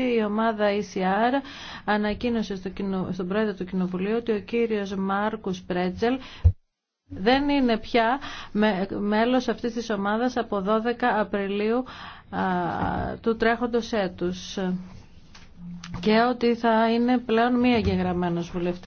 η ομάδα ECR ανακοίνωσε στο κοινο... στον πρόεδρο του Κοινοβουλίου ότι ο κύριος Μάρκους Πρέτζελ δεν είναι πια μέλος αυτής της ομάδας από 12 Απριλίου του τρέχοντος έτους και ότι θα είναι πλέον μία γεγραμμένος βουλευτής.